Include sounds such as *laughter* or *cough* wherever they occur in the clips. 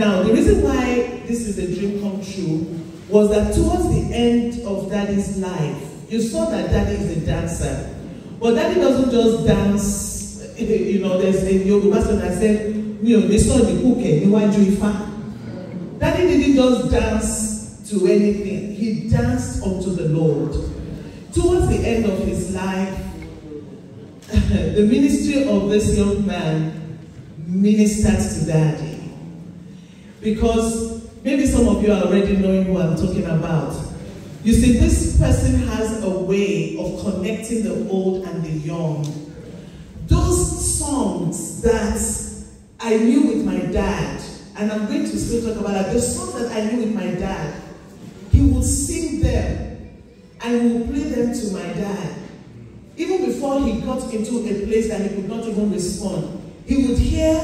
Now, the reason why this is a dream come true was that towards the end of Daddy's life, you saw that Daddy is a dancer. But Daddy doesn't just dance, you know, there's a yoga song that said, "You know, mi the ní sọ̀dí kùkẹ́ it ifá. Daddy didn't just dance to anything, he danced unto the Lord. Towards the end of his life, *laughs* the ministry of this young man ministered to Daddy because maybe some of you are already knowing who I'm talking about. You see, this person has a way of connecting the old and the young. Those songs that I knew with my dad, and I'm going to still talk about that, the songs that I knew with my dad, he would sing them and would play them to my dad. Even before he got into a place that he could not even respond, he would hear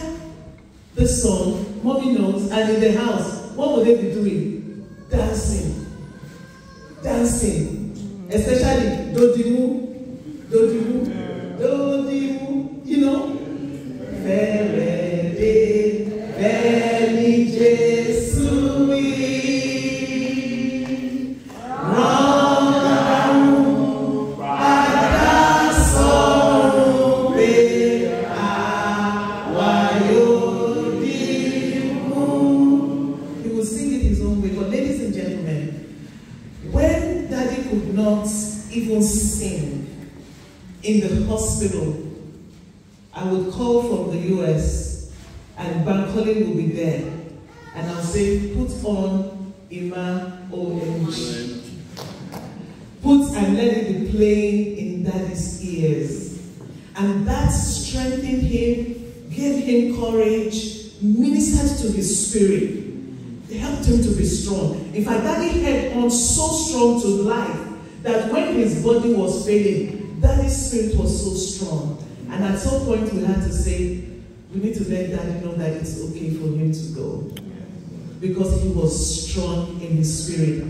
the song mommy knows, and in the house, what would they be doing? Dancing. Dancing. Especially Dodimu. Dodimu. him to be strong. In fact, daddy held on so strong to life that when his body was failing, daddy's spirit was so strong. And at some point, we had to say, we need to let daddy know that it's okay for him to go. Because he was strong in his spirit.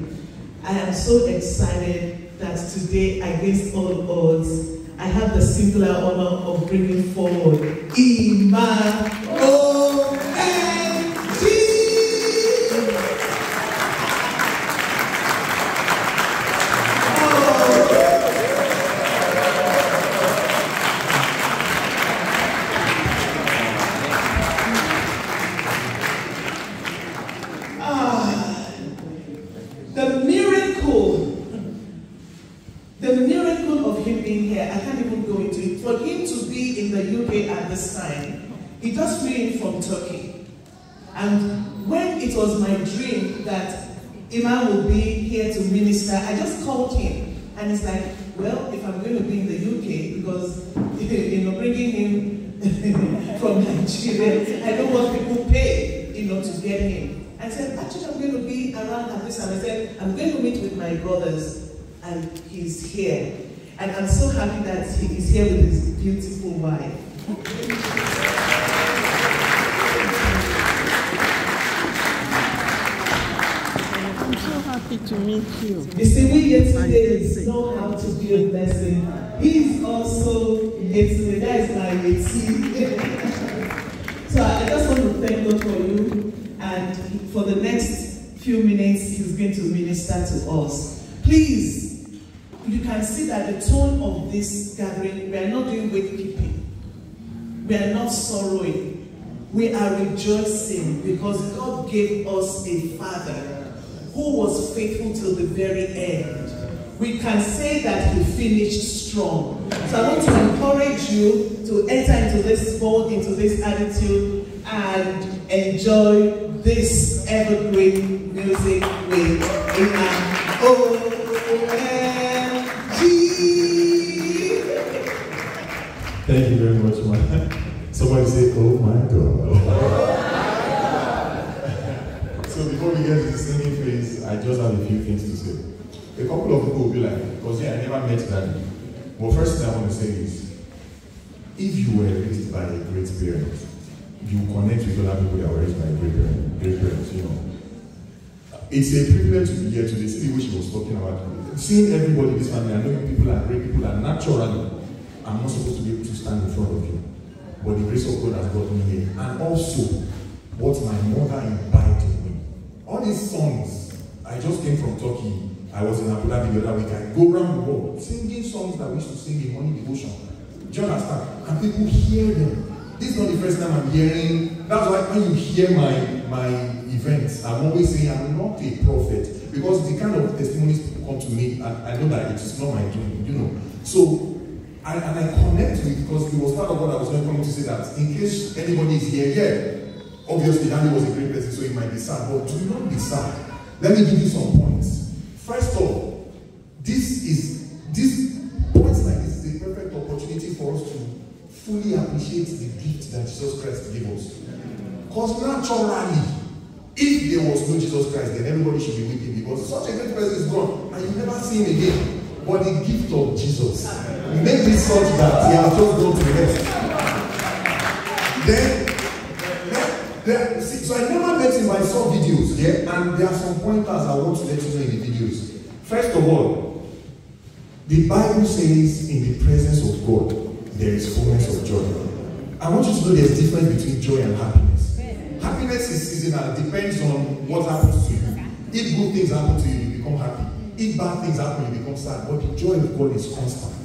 I am so excited that today, against all odds, I have the singular honor of bringing forward Ima. that Iman will be here to minister, I just called him. And it's like, well, if I'm going to be in the UK, because, *laughs* you know, bringing him *laughs* from Nigeria, I don't want people pay, you know, to get him. I said, actually, I'm going to be around at this time. I said, I'm going to meet with my brothers, and he's here. And I'm so happy that he is here with his beautiful wife. *laughs* meet you. You see, we here today is know how to be a blessing. He is also Yeti. That is my Yeti. *laughs* so I just want to thank God for you. And for the next few minutes, he's going to minister to us. Please, you can see that the tone of this gathering, we are not doing gatekeeping. We are not sorrowing. We are rejoicing because God gave us a father who was faithful till the very end. We can say that he finished strong. So I want to encourage you to enter into this sport, into this attitude, and enjoy this evergreen music with Amen. O-M-G. Thank you very much, man. *laughs* Somebody say, oh my God. have a few things to say. A couple of people will be like, because yeah, I never met daddy. Well, first thing I want to say is, if you were raised by a great parent, you connect with other people that were raised by great parents, great parents, you know. It's a privilege to be here today. See what she was talking about. Seeing everybody in this family, I know people are great people are naturally I'm not supposed to be able to stand in front of you. But the grace of God has brought me here. And also what my mother imparted me. All these songs I just came from Turkey. I was in Abu Dhabi the other week. I go around the world singing songs that we used to sing in morning devotion. Do you understand? And people hear them. This is not the first time I'm hearing. That's why when you hear my my events, I'm always saying I'm not a prophet because the kind of testimonies people come to me, I know that it is not my doing, you know. So and, and I connect with because it was part of what I was not coming to say that in case anybody is here, yeah, obviously Danny was a great person, so he might be sad, but do not be sad. Let me give you some points. First of all, this is this points like this is a perfect opportunity for us to fully appreciate the gift that Jesus Christ gave us. Because naturally, if there was no Jesus Christ, then everybody should be weeping because such a great person is gone and you never see him again. But the gift of Jesus made it such that he has just gone to heaven. Then There, see, so I never met him, I saw videos, yeah, and there are some pointers I want to let you know in the videos. First of all, the Bible says in the presence of God, there is fullness of joy. I want you to know there's difference between joy and happiness. Happiness is seasonal, depends on what happens to you. If good things happen to you, you become happy. If bad things happen, you become sad. But the joy of God is constant.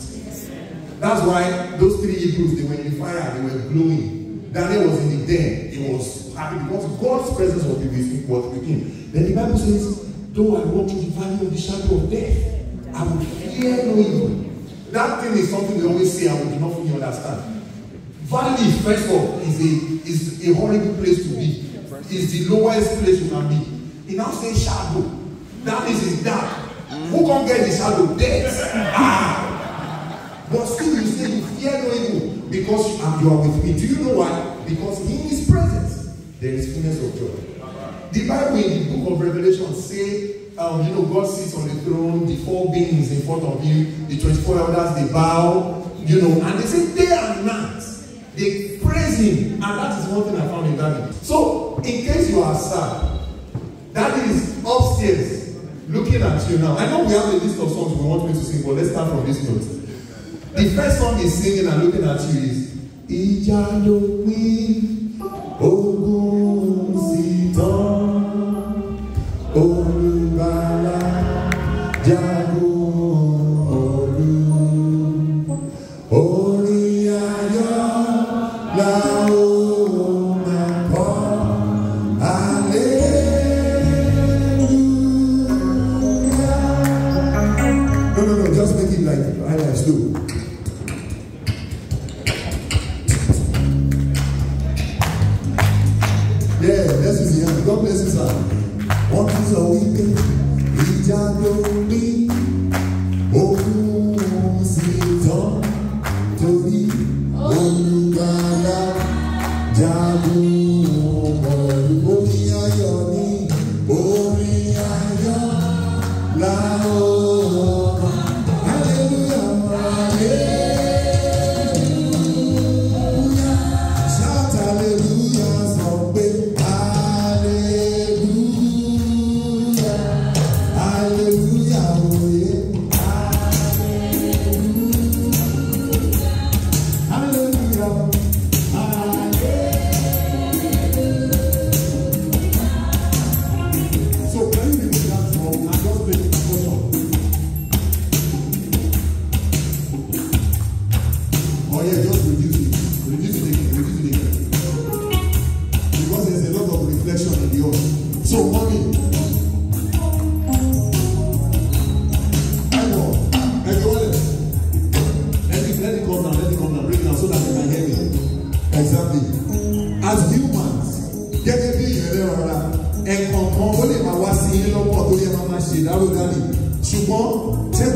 That's why those three Hebrews, they were in the fire, they were glowing. Daniel was in the den, he was Happy because God's presence was with, was with him. Then the Bible says, though I walk through the valley of the shadow of death, I will fear no evil. That thing is something we always say, I would not fully understand. Valley, first of all, is a, is a horrible place to be. It's the lowest place you can be. He now says shadow. That means dark. Who can get the shadow? Death. Ah. But still, you say you fear no evil because you are with me. Do you know why? Because in his presence, there is fullness of joy. The Bible in the book of Revelation say, um, you know, God sits on the throne, the four beings in front of him, the 24 elders, they bow, you know, and they say day and night, they praise him. And that is one thing I found in that. So, in case you are sad, that is upstairs looking at you now. I know we have a list of songs we want me to sing, but let's start from this note. The first song is singing and looking at you is Ija Lopin. to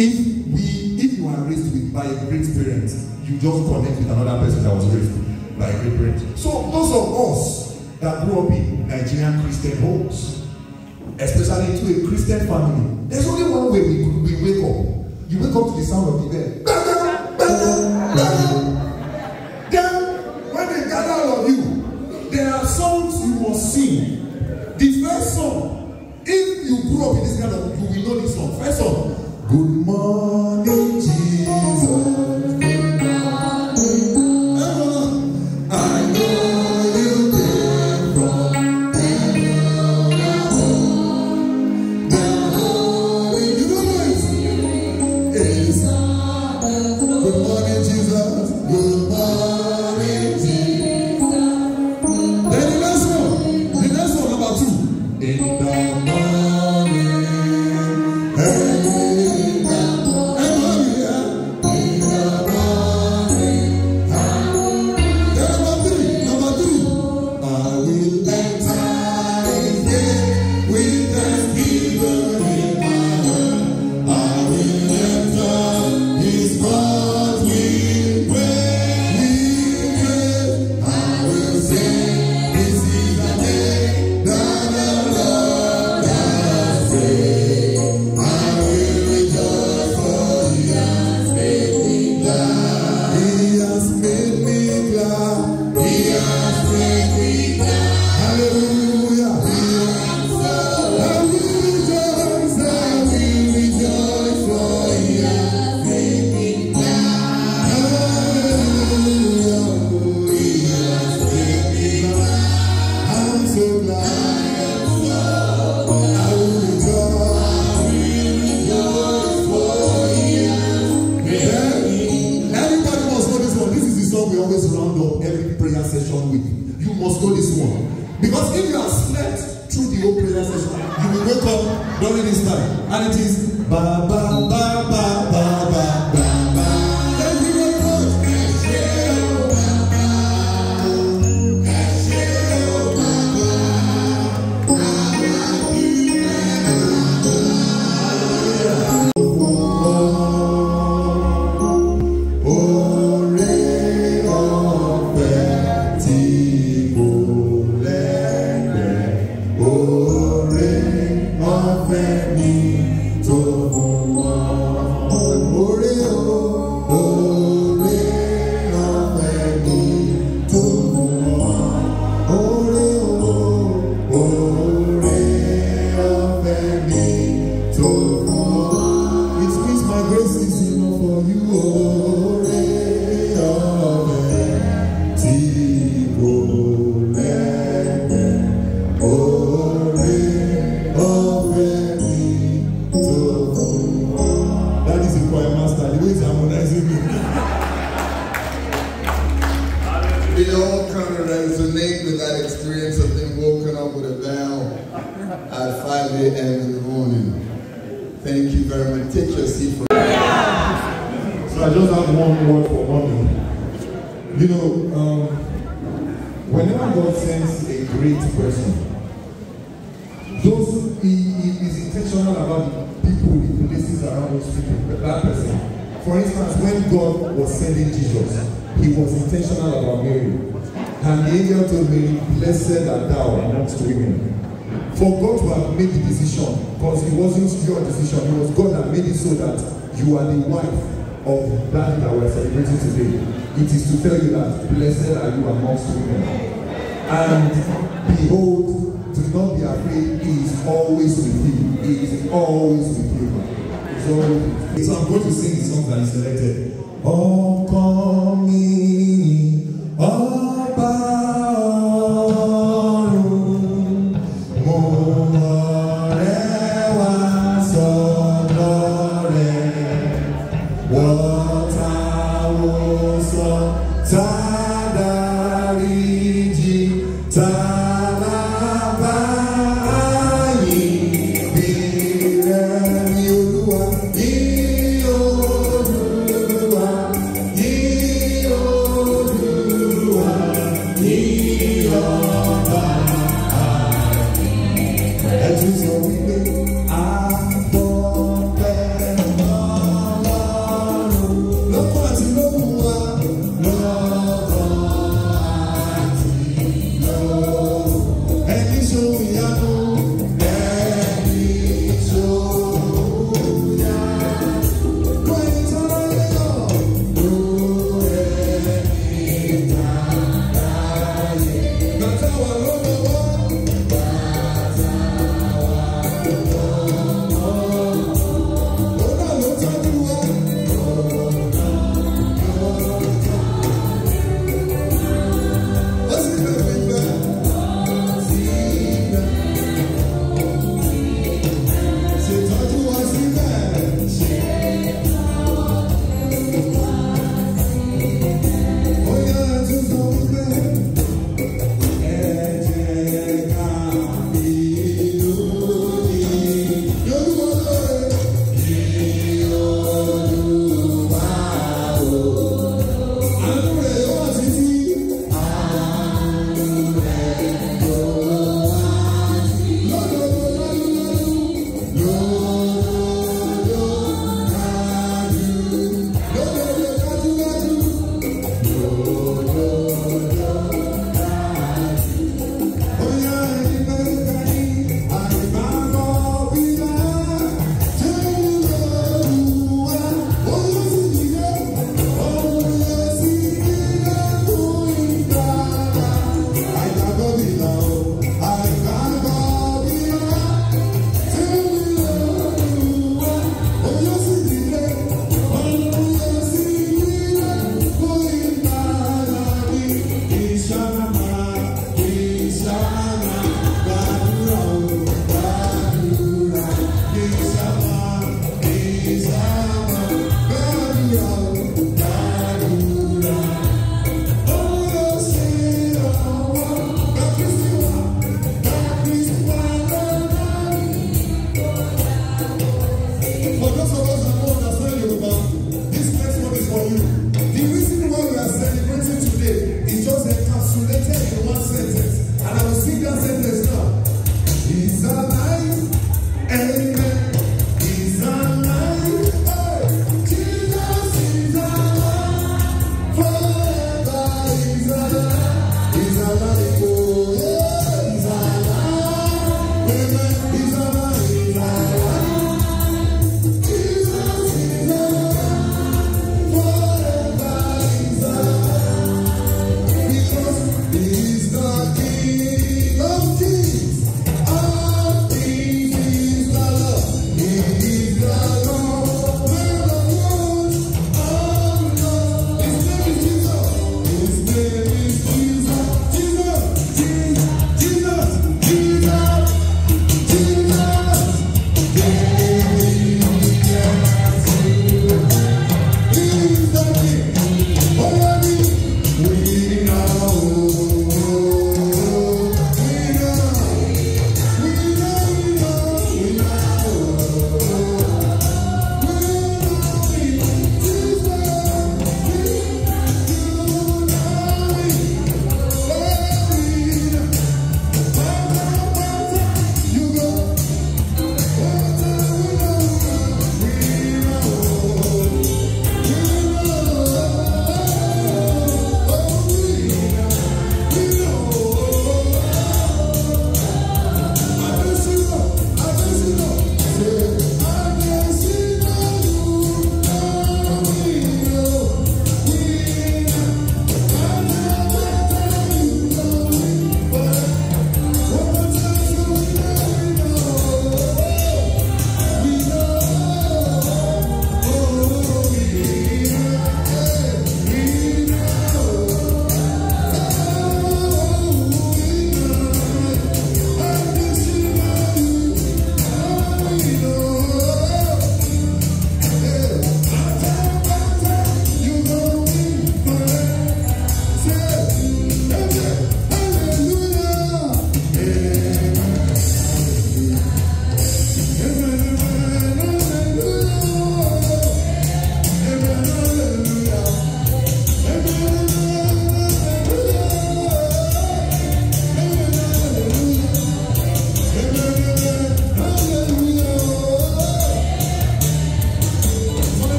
if we if you are raised with by a great parent you just connect with another person that was raised by a great parent so those of us that grew up in Nigerian Christian homes especially to a Christian family there's only one way we we wake up you wake up to the sound of the bell from And the angel told me, Blessed are thou amongst women. For God to have made the decision, because it wasn't your decision, it was God that made it so that you are the wife of that that we are celebrating today. It is to tell you that blessed are you amongst women. And behold, do not be afraid, he is always with you. He is always with you. So, so I'm going to sing the song that is selected. Oh, call me. Oh, all